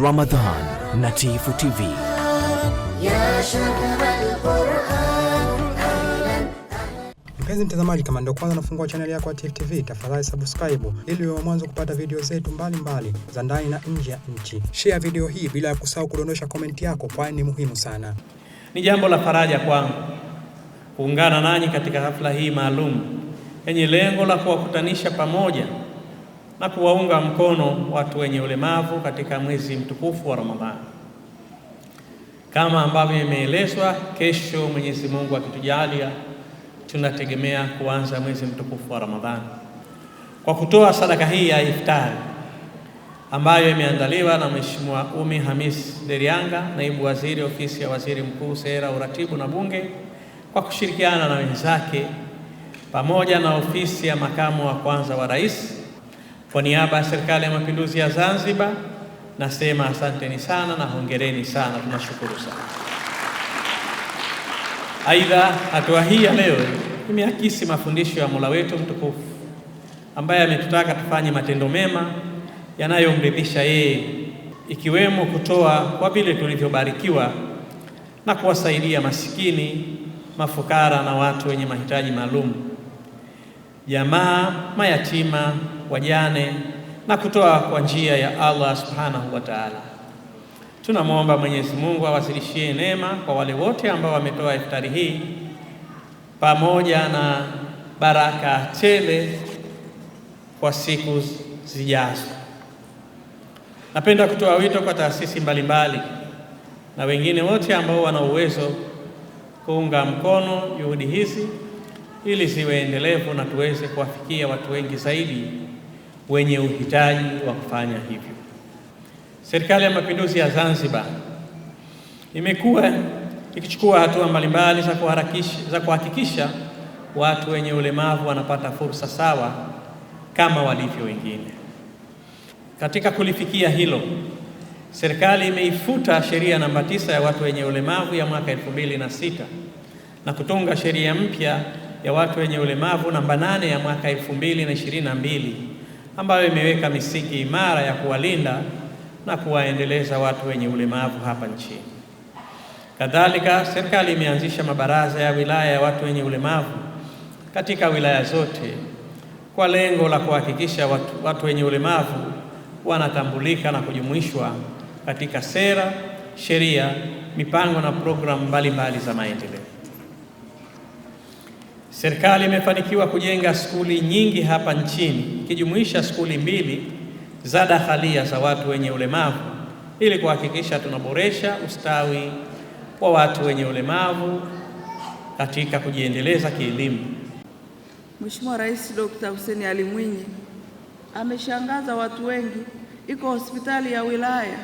Ramadan na Tifu TV. Mpenzi mtazamaji, kama ndio kwanza nafungua chaneli yako ya Tifu TV, tafadhali subscribe ili uwe mwanzo kupata video zetu mbalimbali za ndani na nje ya nchi. Share video hii bila ya kusahau kudondosha komenti yako, kwani ni muhimu sana. Ni jambo la faraja kwangu kuungana nanyi katika hafla hii maalum yenye lengo la kuwakutanisha pamoja na kuwaunga mkono watu wenye ulemavu katika mwezi mtukufu wa Ramadhani. Kama ambavyo imeelezwa, kesho Mwenyezi Mungu akitujalia, tunategemea kuanza mwezi mtukufu wa Ramadhani kwa kutoa sadaka hii ya iftari ambayo imeandaliwa na Mheshimiwa Umi Hamis Derianga, naibu waziri ofisi ya waziri mkuu, sera, uratibu na bunge, kwa kushirikiana na wenzake pamoja na ofisi ya makamu wa kwanza wa rais kwa niaba ya Serikali ya Mapinduzi ya Zanzibar nasema asanteni sana na hongereni sana, tunashukuru sana. Aidha, hatua hii ya leo imeakisi mafundisho ya Mola wetu mtukufu ambaye ametutaka tufanye matendo mema yanayomridhisha yeye, ikiwemo kutoa kwa vile tulivyobarikiwa na kuwasaidia masikini, mafukara na watu wenye mahitaji maalum, jamaa, mayatima wajane na kutoa kwa njia ya Allah subhanahu wa taala. Tunamwomba Mwenyezi Mungu awasilishie neema kwa wale wote ambao wametoa iftari hii pamoja na baraka tele kwa siku zijazo. Napenda kutoa wito kwa taasisi mbalimbali na wengine wote ambao wana uwezo kuunga mkono juhudi hizi ili ziwe endelevu na tuweze kuwafikia watu wengi zaidi wenye uhitaji wa kufanya hivyo. Serikali ya Mapinduzi ya Zanzibar imekuwa ikichukua hatua mbalimbali za kuhakikisha watu wenye ulemavu wanapata fursa sawa kama walivyo wengine. Katika kulifikia hilo, serikali imeifuta sheria namba tisa ya watu wenye ulemavu ya mwaka elfu mbili na sita na kutunga sheria mpya ya watu wenye ulemavu namba nane ya mwaka elfu mbili na ishirini na mbili ambayo imeweka misingi imara ya kuwalinda na kuwaendeleza watu wenye ulemavu hapa nchini. Kadhalika, serikali imeanzisha mabaraza ya wilaya ya watu wenye ulemavu katika wilaya zote kwa lengo la kuhakikisha watu, watu wenye ulemavu wanatambulika na kujumuishwa katika sera, sheria, mipango na programu mbalimbali za maendeleo. Serikali imefanikiwa kujenga skuli nyingi hapa nchini ikijumuisha skuli mbili za dakhalia za watu wenye ulemavu ili kuhakikisha tunaboresha ustawi wa watu wenye ulemavu katika kujiendeleza kielimu. Mheshimiwa Rais Dr. Hussein Ali Mwinyi ameshangaza watu wengi. Iko hospitali ya wilaya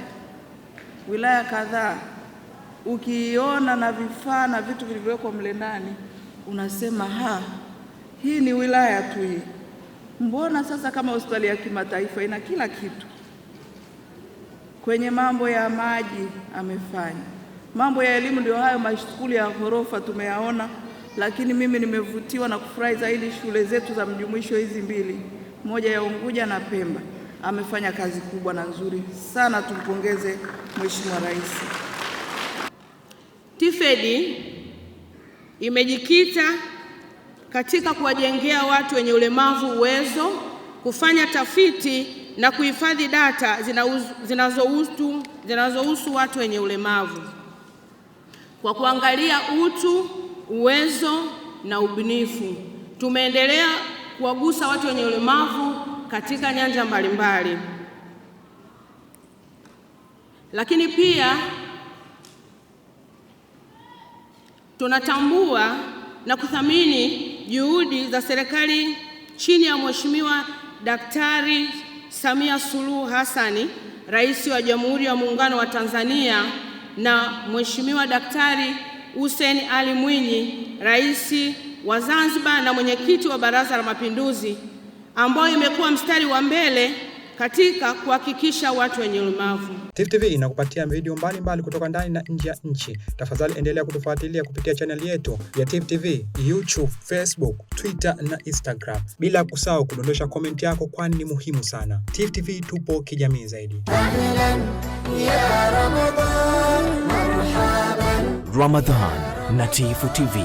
wilaya kadhaa ukiiona na vifaa na vitu vilivyowekwa mle ndani unasema ha, hii ni wilaya tu hii, mbona sasa kama hospitali ya kimataifa ina kila kitu? Kwenye mambo ya maji amefanya, mambo ya elimu, ndio hayo mashukuli ya ghorofa tumeyaona, lakini mimi nimevutiwa na kufurahi zaidi shule zetu za mjumuisho hizi mbili, moja ya Unguja na Pemba. Amefanya kazi kubwa na nzuri sana, tumpongeze Mheshimiwa Rais. Tifedi imejikita katika kuwajengea watu wenye ulemavu uwezo, kufanya tafiti na kuhifadhi data zinazohusu zinazohusu watu wenye ulemavu kwa kuangalia utu, uwezo na ubunifu. Tumeendelea kuwagusa watu wenye ulemavu katika nyanja mbalimbali, lakini pia tunatambua na kuthamini juhudi za serikali chini ya Mheshimiwa Daktari Samia Suluhu Hassan, Rais wa Jamhuri ya Muungano wa Tanzania na Mheshimiwa Daktari Hussein Ali Mwinyi, Rais wa Zanzibar na mwenyekiti wa Baraza la Mapinduzi, ambayo imekuwa mstari wa mbele katika kuhakikisha watu wenye ulemavu. Tifu TV inakupatia video mbalimbali kutoka ndani na nje ya nchi. Tafadhali endelea kutufuatilia kupitia chaneli yetu ya Tifu TV, YouTube, Facebook, Twitter na Instagram, bila kusahau kudondosha komenti yako, kwani ni muhimu sana. Tifu TV tupo kijamii zaidi. Ramadan na Tifu TV.